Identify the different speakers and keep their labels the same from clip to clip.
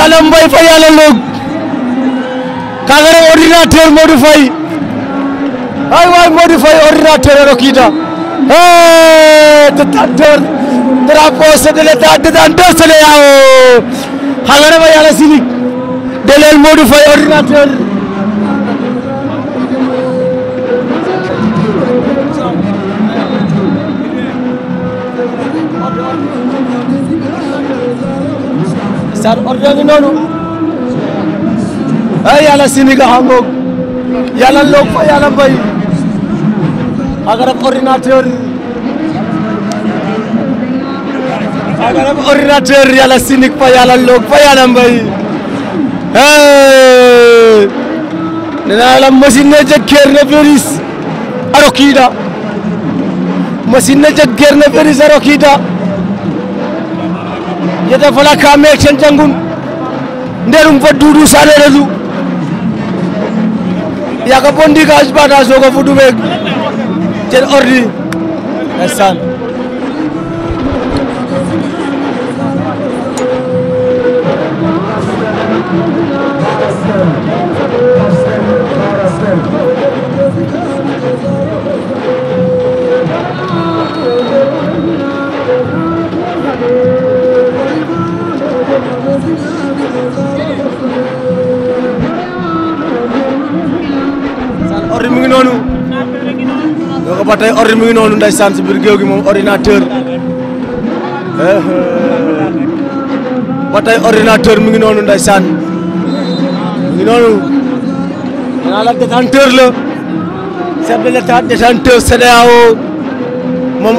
Speaker 1: yàlla mbay fa yàlla lóog kagare ordinateur Modou Faye ay waay Modou Faye ordinateur ero kiita hey détenteur drapeau c'est de l'état détenteur c'est le yaawo kagare ma yàlla sinig deleel Modou Faye ordinateur saan ordre ngi noonu ay yàlla simi ga xangoog yàlla loog fa yàlla mbay agarab ordinateur agarab ordinateur yàlla sinik fa yàlla loog fa yàlla mbay hey nee naa la machine ne jeg keer ne virus a rokiida machine ne jeg keer ne virus a rokiida yete fala kame ken jangun nderum fa dudu sale redu yaga bondi ka asbata sogo fudu mek jen ordi esan ba tey ordi mu ngi noonu ndeysaan si biir géew gi moom ordinateur ba mu ngi noonu ndeysaan mu ngi noonu danaa la détenteur la chef de l'état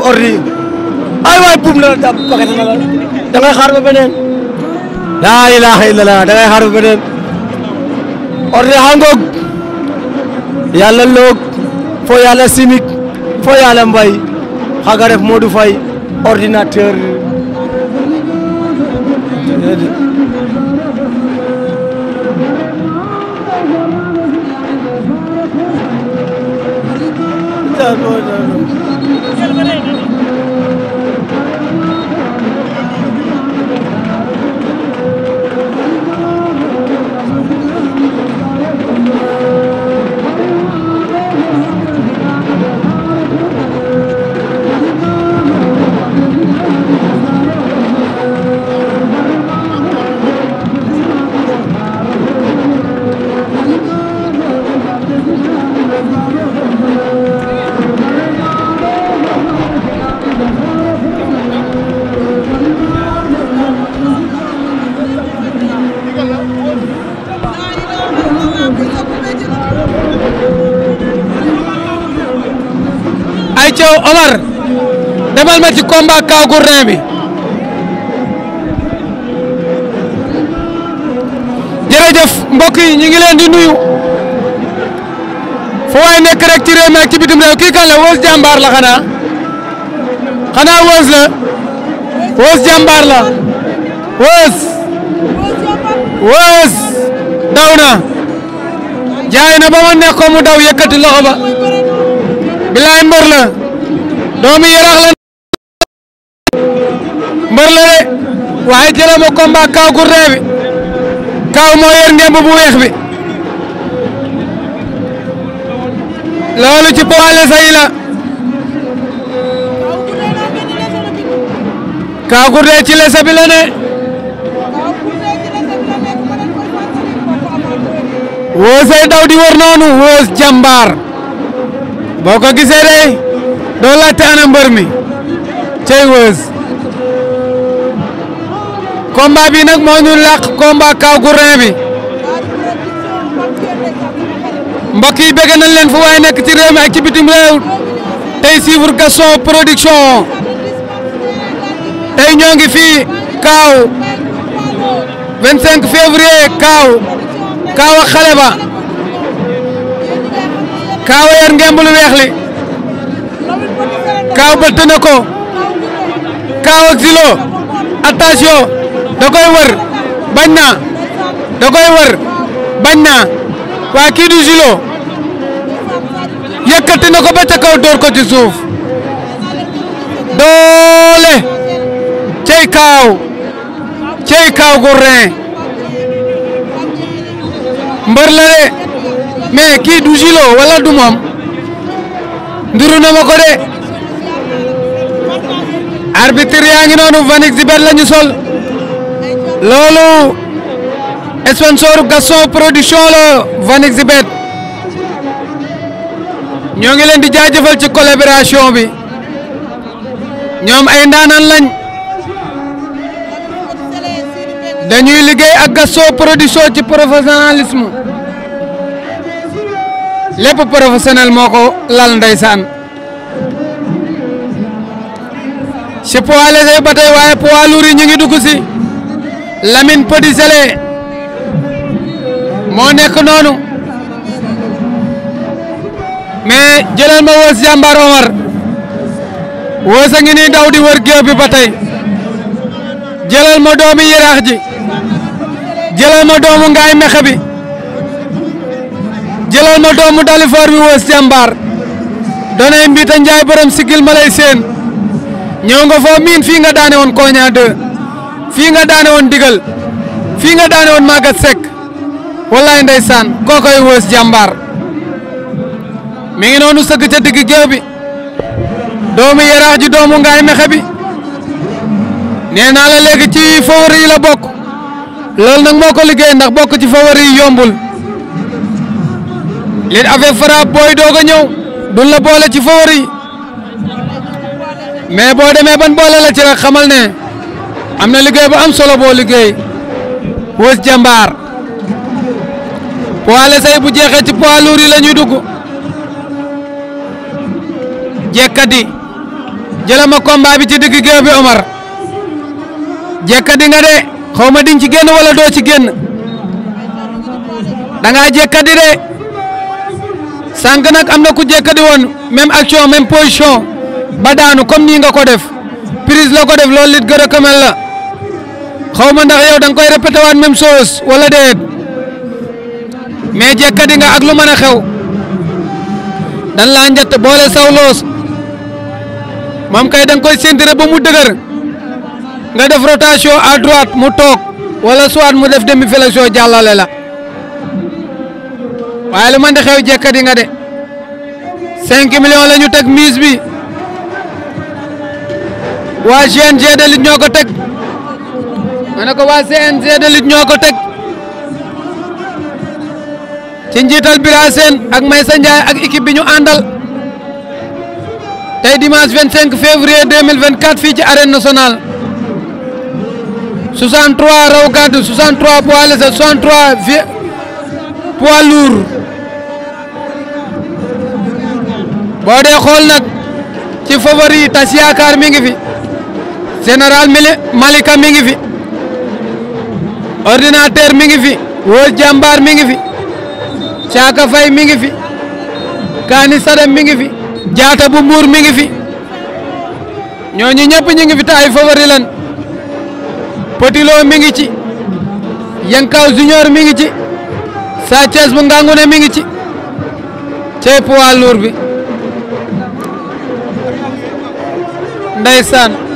Speaker 1: ordi ay waay buub na la jàpp pakete na la da ngay xaar ba beneen laa ilaha illallah da ngay xaar ba beneen ordi xangoog yàlla loog fo yàlla simik fo Yalla Mbaye xaga ref Modou Faye ordinateur ayca Omar demal ma ci combat Kaw Gourdin bi jërëjëf mbokk yi ñu ngi leen di nuyu fu waay nekk rek ci ci bitim réew kii kan la Weuz jàmbaar la xanaa xanaa Weuz la Weuz jàmbaar la Weuz Weuz daw na jaay na ba ma daw yëkkati loxo ba bilaay mbër la doomu yaraax la mbër la de waaye jëlee ma bi kaw moo yor ngemb bu weex bi loolu ci poids la say la kaw ci lesa bi ne woosay daw di wër noonu woos jàmbaar boo ko gisee de doo laajte ana mbër mi cey Weuz bi nag moo ñu làq combat kaw Gourdin bi mbokk yi bëgg nañ leen fu waaye nekk ci réew mi ak ci bitim réew tey suivre Gaston Production tey ñoo ngi fii kaaw 25 février kaaw kaaw ak xale ba kaaw yar ngembul weex li Kaaw bëtt na ko Kaaw ak Zilo attention da koy wër bañ naa wër bañ waa kii du Zilo yëkkati ko ba ca kaw dóor ko ci suuf doole cey Kaaw cey Kaaw gu mbër la de mais kii du Zilo wala du moom nduru na ma de. arbitre yaa ngi noonu vanix di bet la ñu sol loolu sponsor Gaston production la vanix di bet ñoo ngi leen di jaajëfal ci collaboration bi ñoom ay ndaanan lañ dañuy liggéey ak Gaston production ci professionnalisme lépp professionnel moo ko lal ndeysaan si poids léger ba tey waaye poids lourd ñu ngi dugg si Lamine Petit Sélé moo nekk noonu mais jëlal ma wës jàmbaar Omar wës a ngi daw di wër géew bi ba tey jëlal ma doomi Yaraax ji jëlal ma doomu Ngaay Mexe bi jëlal ma doomu Dalifor bi wës jàmbaar donay mbiita Njaay borom sigil ma ñëw nga foo miin fii nga daane woon Koña 2 fii nga daane woon digal fii nga daane woon Maguette Seck wallaay ndeysaan kookoy wës jàmbaar mi ngi noonu sëgg ca digg géew bi doomu yaraax doomu ngaay mexe bi nee naa la léegi ci favori la bokk loolu nag moo ko liggéey ndax bokk ci favori yi yombul lit avec Fra booy doog a ñëw la boole ci favori mais boo demee ban boole la ci rek xamal ne am na liggéey bu am solo boo liggéey wës jàmbaar poids la say bu jeexee ci poids lourd yi la ñuy dugg jekkati jëlama combat bi ci digg géew bi Omar jekkati nga de xaw ma di ci génn walla doo ci génn da ngaa jekkati de sànq nag am na ku jekkati woon même action même position. ba daanu comme nii nga ko def prise la ko def loolu it gën a këmel la xaw ma ndax yow da koy répété waat même chose wala déet mais jekkati nga ak lu mën a xew dan laa njëtt boole saw loos moom kay koy séntire ba mu dëgër nga def rotation à droite mu toog wala soit mu def demi flexion jàllale la waaye lu mën a xew jekkati nga de 5 millions la ñu teg mise bi. waa CNG de lutte ñoo ko teg ma ne ko waa CNG de lutte ñoo ko teg ci njiital Bira Sène ak Maysa Ndiaye ak équipe bi ñu àndal tey dimanche 25 février 2024 fii ci arène nationale 63 raw gàddu 63 poids léger 63 poids lourd boo dee xool nag ci favori tas yaakaar mi fi. général mili Malika mi ngi fi ordinateur mingi fi wóor jàmbaar mi ngi fi caaka fay mi ngi fi kaani sadam mi ngi fi jaata bu mbuur mi ngi fi ñooñu ñëpp ñu ngi fi te ay favori lan potilo mi ngi ci yankaw junior mi ngi ci Sa Thiès bu mi ngi ci cey poids lourd bi ndeysaan